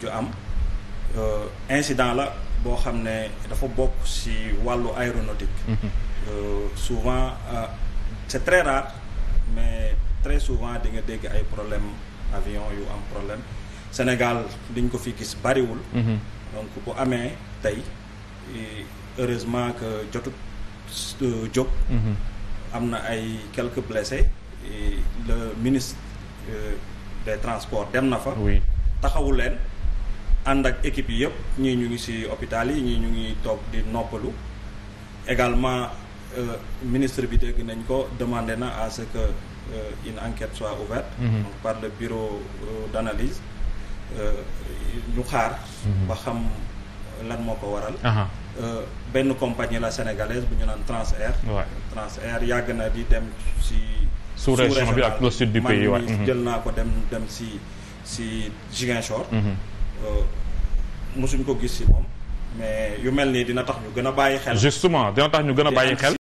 mujj am euh, incident la boo xam ne dafa bokk ci wàllu aéronautique mhm. euh, souvent euh, c'est très rare mais très souvent di nga dégg ay problème avion yu am problème Sénégal diñ ko fi gis bariwul mhm. donc bu amee tey heureusement que jotut jóg mhm. am na ay quelques blessés le ministre des transports dem na fa taxawu leen ànd ak équipe yi yëpp ñii ñu ngi ci hôpital yi ñii ñu ngi toog di noppalu également euh, ministre bi dégg nañ ko demandé na à ce que euh, une enquête soit ouverte mm-hmm. donc par le bureau euh, d'analyse ñu xaar mm-hmm. ba xam lan moo ko waral benn compagnie la sénégalaise bu ñu naan Transair Transair yàgg na di dem ci sous-région bi ak le sud du pays man mm-hmm. jël naa ko dem dem ci ci Ziguinchor Euh, mosuñ ko gis si moom mais yu mel nii dina tax ñu gën a bàyyi xel. justement dina tax ñu gën a bàyyi xel.